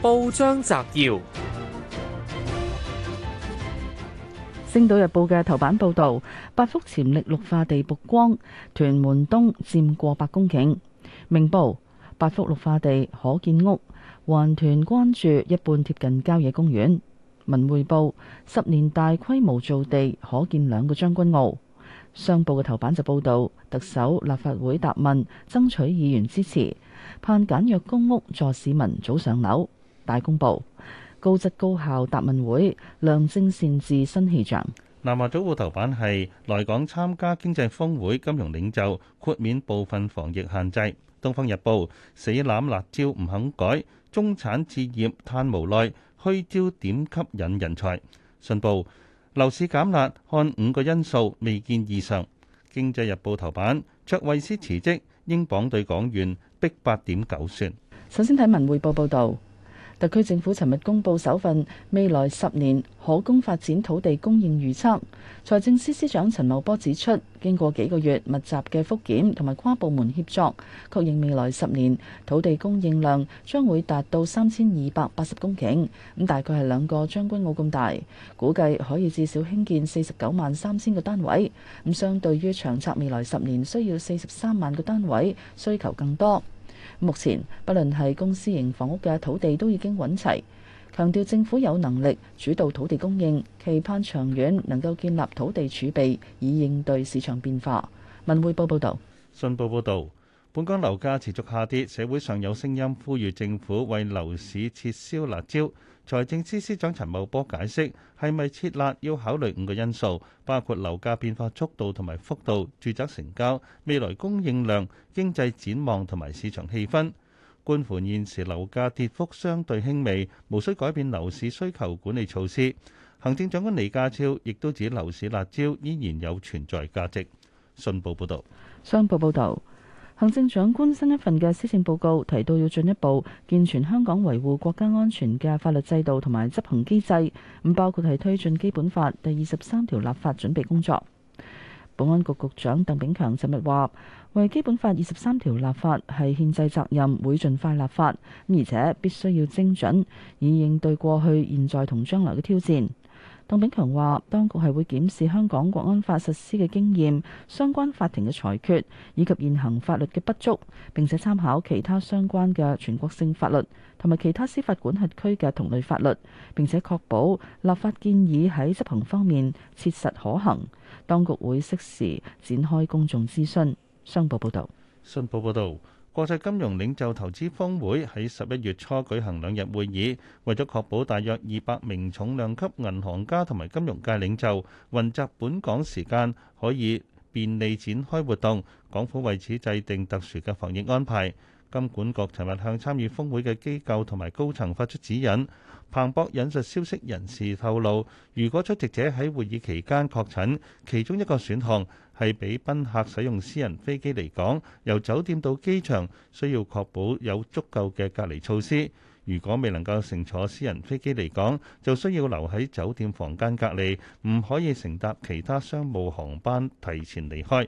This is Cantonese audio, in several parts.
報章摘要：《星島日報》嘅頭版報道，八幅潛力綠化地曝光，屯門東佔過百公頃。《明報》八幅綠化地可建屋，環團關注一半貼近郊野公園。《文匯報》十年大規模造地可建兩個將軍澳。《商報》嘅頭版就報道，特首立法會答問，爭取議員支持，盼簡約公屋助市民早上樓。.大公報，高質高效答問會，良政善治新氣象。南華早報頭版係來港參加經濟峰會，金融領袖豁免部分防疫限制。《東方日報》死攬辣招唔肯改，中產置業嘆無奈，虛招點吸引人才？信報，樓市減辣看五個因素未見異常。《經濟日報》頭版卓慧思辭職，英鎊對港元逼八點九算。首先睇文匯報報導。特區政府尋日公布首份未來十年可供發展土地供應預測。財政司司長陳茂波指出，經過幾個月密集嘅覆檢同埋跨部門協作，確認未來十年土地供應量將會達到三千二百八十公頃，咁大概係兩個將軍澳咁大，估計可以至少興建四十九萬三千個單位。咁相對於長策未來十年需要四十三萬個單位，需求更多。目前，不論係公私營房屋嘅土地都已經揾齊，強調政府有能力主導土地供應，期盼長遠能夠建立土地儲備，以應對市場變化。文匯報報道：「信報報道，本港樓價持續下跌，社會上有聲音呼籲政府為樓市撤銷辣招。財政司司長陳茂波解釋，係咪撤辣要考慮五個因素，包括樓價變化速度同埋幅度、住宅成交、未來供應量、經濟展望同埋市場氣氛。觀乎現時樓價跌幅相對輕微，無需改變樓市需求管理措施。行政長官李家超亦都指樓市辣招依然有存在價值。信報報導，商報報導。行政長官新一份嘅施政報告提到，要進一步健全香港維護國家安全嘅法律制度同埋執行機制，咁包括係推進基本法第二十三條立法準備工作。保安局局長鄧炳強尋日話，為基本法二十三條立法係憲制責任，會盡快立法，而且必須要精準，以應對過去、現在同將來嘅挑戰。鄧炳強話：當局係會檢視香港國安法實施嘅經驗、相關法庭嘅裁決以及現行法律嘅不足，並且參考其他相關嘅全國性法律同埋其他司法管轄區嘅同類法律，並且確保立法建議喺執行方面切實可行。當局會適時展開公眾諮詢。商報報道。商報報道。國際金融領袖投資峰會喺十一月初舉行兩日會議，為咗確保大約二百名重量級銀行家同埋金融界領袖雲集，本港時間可以便利展開活動，港府為此制定特殊嘅防疫安排。金管局尋日向參與峰會嘅機構同埋高層發出指引。彭博引述消息人士透露，如果出席者喺會議期間確診，其中一個選項係俾賓客使用私人飛機離港，由酒店到機場需要確保有足夠嘅隔離措施。如果未能夠乘坐私人飛機離港，就需要留喺酒店房間隔離，唔可以乘搭其他商務航班提前離開。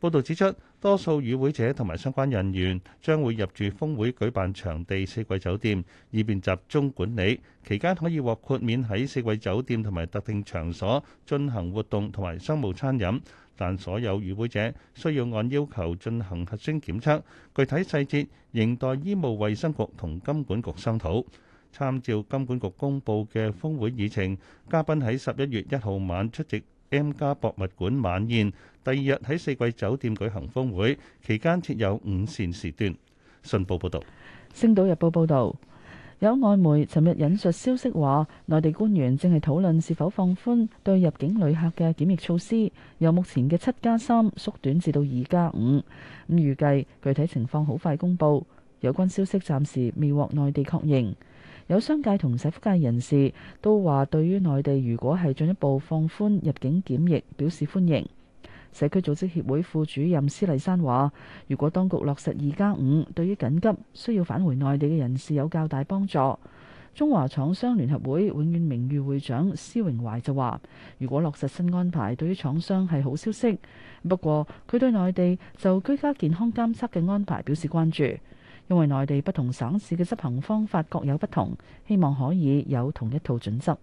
報導指出。多數與會者同埋相關人員將會入住峯會舉辦場地四季酒店，以便集中管理。期間可以獲豁免喺四季酒店同埋特定場所進行活動同埋商務餐飲，但所有與會者需要按要求進行核酸檢測。具體細節仍待醫務衛生局同金管局商討。參照金管局公佈嘅峯會議程，嘉賓喺十一月一號晚出席 M+ 博物館晚宴。第二日喺四季酒店舉行峰會期間設有午膳時段。信報報道。《星島日報》報道，有外媒尋日引述消息話，內地官員正係討論是否放寬對入境旅客嘅檢疫措施，由目前嘅七加三縮短至到二加五。咁、嗯、預計具體情況好快公佈。有關消息暫時未獲內地確認。有商界同社福界人士都話，對於內地如果係進一步放寬入境檢疫，表示歡迎。社區組織協會副主任施麗珊話：如果當局落實二加五，5，對於緊急需要返回內地嘅人士有較大幫助。中華廠商聯合會永遠名譽會長施榮懷就話：如果落實新安排，對於廠商係好消息。不過，佢對內地就居家健康監測嘅安排表示關注，因為內地不同省市嘅執行方法各有不同，希望可以有同一套準則。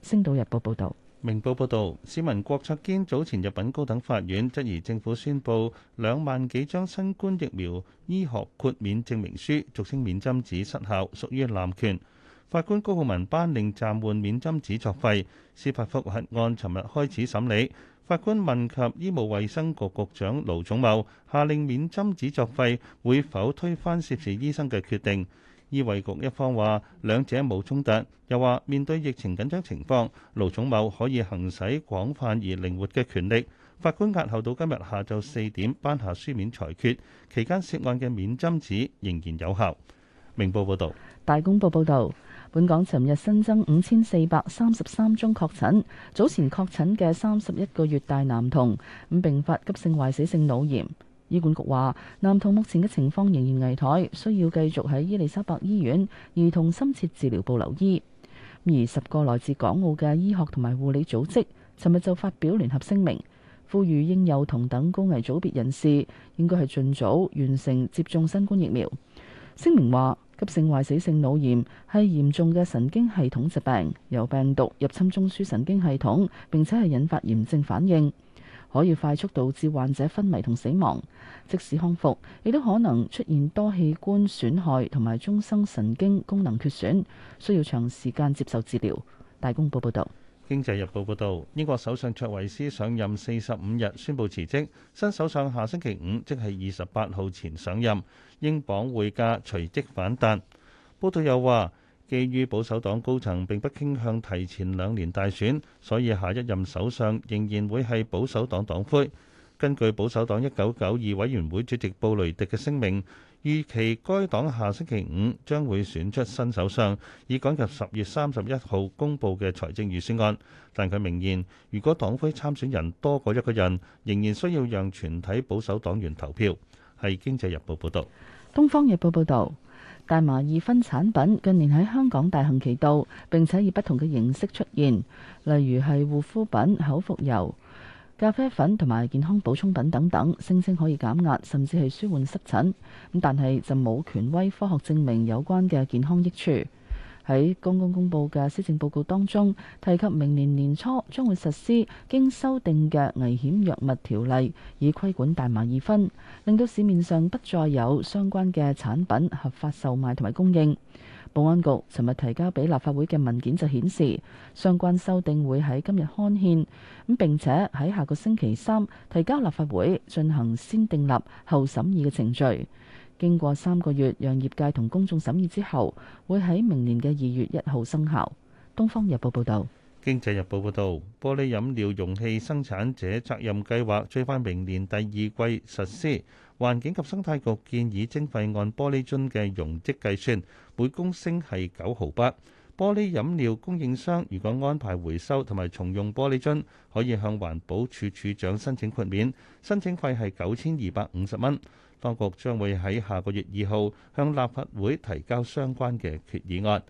星島日報報道。明報報導，市民郭卓堅早前入禀高等法院，質疑政府宣布兩萬幾張新冠疫苗醫學豁免證明書（俗稱免針紙）失效，屬於濫權。法官高浩文頒令暫緩免針紙作廢。司法覆核案尋日開始審理，法官問及醫務衛生局局長盧寵茂，下令免針紙作廢會否推翻涉事醫生嘅決定？醫衛局一方話兩者冇衝突，又話面對疫情緊張情況，盧寵茂可以行使廣泛而靈活嘅權力。法官押後到今日下晝四點頒下書面裁決，期間涉案嘅免針紙仍然有效。明報報道，大公報報道，本港尋日新增五千四百三十三宗確診，早前確診嘅三十一個月大男童咁併發急性壞死性腦炎。醫管局話，男童目前嘅情況仍然危殆，需要繼續喺伊利沙伯醫院兒童深切治療部留醫。而十個來自港澳嘅醫學同埋護理組織，尋日就發表聯合聲明，呼籲應有同等高危組別人士應該係盡早完成接種新冠疫苗。聲明話，急性壞死性腦炎係嚴重嘅神經系統疾病，由病毒入侵中樞神經系統，並且係引發炎症反應，可以快速導致患者昏迷同死亡，即使康復，亦都可能出現多器官損害同埋終生神經功能缺損，需要長時間接受治療。大公報報道。《經濟日報》報道，英國首相卓維斯上任四十五日，宣布辭職，新首相下星期五即係二十八號前上任，英鎊匯價隨即反彈。報道又話。基於保守黨高層並不傾向提前兩年大選，所以下一任首相仍然會係保守黨黨魁。根據保守黨一九九二委員會主席布雷迪嘅聲明，預期該黨下星期五將會選出新首相，以趕及十月三十一號公布嘅財政預算案。但佢明言，如果黨魁參選人多過一個人，仍然需要讓全體保守黨員投票。係經濟日報報道。東方日報報道。大麻二酚產品近年喺香港大行其道，並且以不同嘅形式出現，例如係護膚品、口服油、咖啡粉同埋健康補充品等等，聲稱可以減壓，甚至係舒緩濕疹。咁但係就冇權威科學證明有關嘅健康益處。喺剛剛公布嘅施政報告當中，提及明年年初將會實施經修訂嘅危險藥物條例，以規管大麻二酚，令到市面上不再有相關嘅產品合法售賣同埋供應。保安局尋日提交俾立法會嘅文件就顯示，相關修訂會喺今日刊憲，咁並且喺下個星期三提交立法會進行先訂立後審議嘅程序。經過三個月讓業界同公眾審議之後，會喺明年嘅二月一號生效。東方日報報道，經濟日報報道，玻璃飲料容器生產者責任計劃最快明年第二季實施。環境及生態局建議徵費按玻璃樽嘅容積計算，每公升係九毫八。玻璃飲料供應商如果安排回收同埋重用玻璃樽，可以向環保署署長申請豁免，申請費係九千二百五十蚊。當局將會喺下個月二號向立法會提交相關嘅決議案。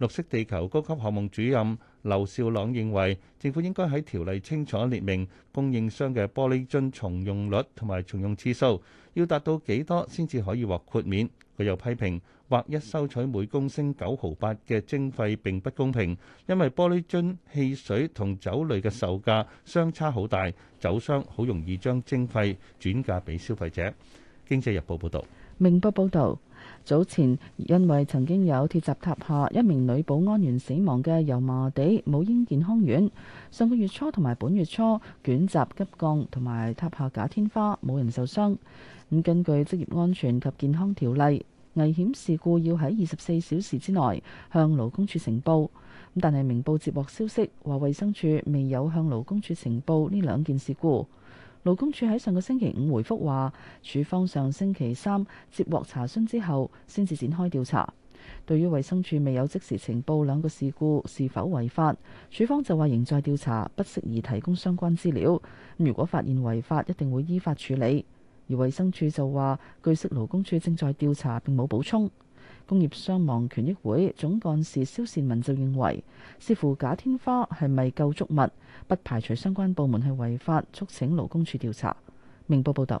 綠色地球高級項目主任劉少朗認為，政府應該喺條例清楚列明供應商嘅玻璃樽重用率同埋重用次數，要達到幾多先至可以獲豁免。佢又批評，或一收取每公升九毫八嘅徵費並不公平，因為玻璃樽、汽水同酒類嘅售價相差好大，酒商好容易將徵費轉嫁俾消費者。經濟日報報導，明報報導。早前因為曾經有鐵閘塔下一名女保安員死亡嘅油麻地母嬰健康院，上個月初同埋本月初捲閘急降同埋塔下假天花，冇人受傷。咁根據職業安全及健康條例，危險事故要喺二十四小時之內向勞工處呈報。咁但係明報接獲消息，話衞生署未有向勞工處呈報呢兩件事故。勞工處喺上個星期五回复話，處方上星期三接獲查詢之後，先至展開調查。對於衛生署未有即時情報兩個事故是否違法，處方就話仍在調查，不適宜提供相關資料。咁如果發現違法，一定會依法處理。而衛生署就話，據悉勞工處正在調查，并冇補充。工業傷亡權益會總幹事蕭善文就認為，視乎假天花係咪構築物，不排除相關部門係違法，促請勞工處調查。明報報道。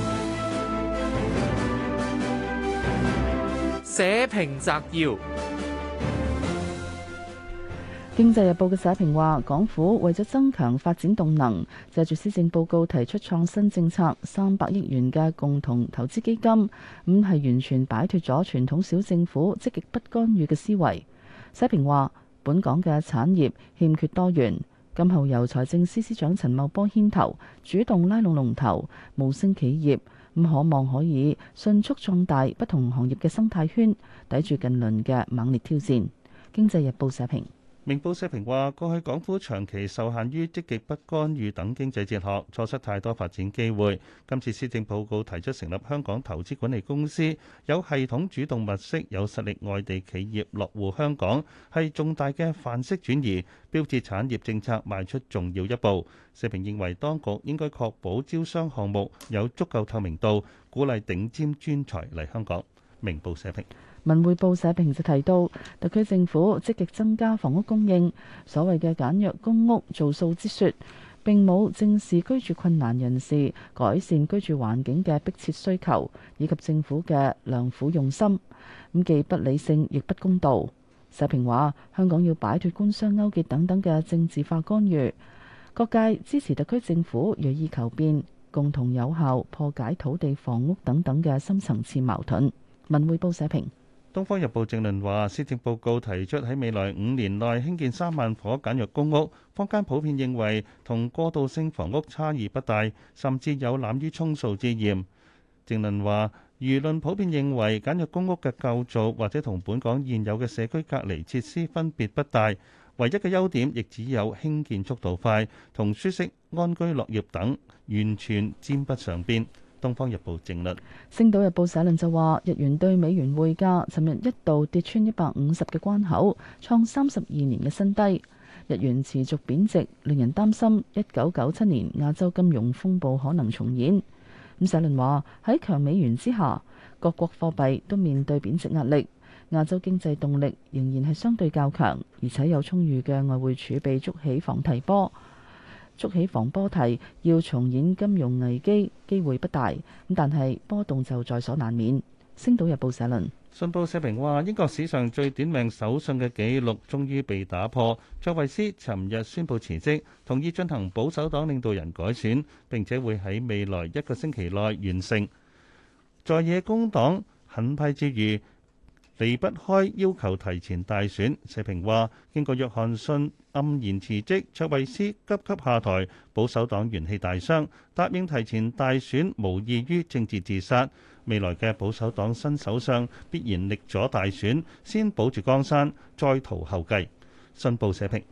社評摘要：經濟日報嘅社評話，港府為咗增強發展動能，借住施政報告提出創新政策，三百億元嘅共同投資基金，唔係完全擺脫咗傳統小政府積極不干預嘅思維。社評話，本港嘅產業欠缺多元，今後由財政司司長陳茂波牽頭，主動拉攏龍頭、無聲企業。咁可望可以迅速壯大不同行業嘅生態圈，抵住近輪嘅猛烈挑戰。經濟日報社評。明報社評話，過去港府長期受限於積極不干預等經濟哲學，錯失太多發展機會。今次施政報告提出成立香港投資管理公司，有系統主動物色有實力外地企業落戶香港，係重大嘅範式轉移，標誌產業政策邁出重要一步。社評認為當局應該確保招商項目有足夠透明度，鼓勵頂尖專才嚟香港。明報社評。文匯報社評就提到，特區政府積極增加房屋供應，所謂嘅簡約公屋造數之說並冇正視居住困難人士改善居住環境嘅迫切需求，以及政府嘅良苦用心。咁既不理性亦不公道。社評話，香港要擺脫官商勾結等等嘅政治化干預，各界支持特區政府銳意求變，共同有效破解土地、房屋等等嘅深層次矛盾。文匯報社評。《東方日報》正論話，施政報告提出喺未來五年內興建三萬伙簡約公屋，坊間普遍認為同過渡性房屋差異不大，甚至有濫竽充數之嫌。正論話，輿論普遍認為簡約公屋嘅構造或者同本港現有嘅社區隔離設施分別不大，唯一嘅優點亦只有興建速度快、同舒適安居樂業等，完全沾不上邊。《東方日報》政略，《星島日報》社論就話：日元對美元匯價，尋日一度跌穿一百五十嘅關口，創三十二年嘅新低。日元持續貶值，令人擔心一九九七年亞洲金融風暴可能重演。咁社論話喺強美元之下，各國貨幣都面對貶值壓力。亞洲經濟動力仍然係相對較強，而且有充裕嘅外匯儲備，捉起防提波。築起防波堤，要重演金融危機機會不大，咁但係波動就在所難免。星島日報社論。信報社評話，英國史上最短命首相嘅記錄終於被打破，卓慧思尋日宣布辭職，同意進行保守黨領導人改選，並且會喺未來一個星期內完成。在野工黨狠批之餘。離不開要求提前大選。社評話：經過約翰遜黯然辭職，卓慧斯急急下台，保守黨元氣大傷。答應提前大選無異於政治自殺。未來嘅保守黨新首相必然力阻大選，先保住江山，再圖後繼。信報社評。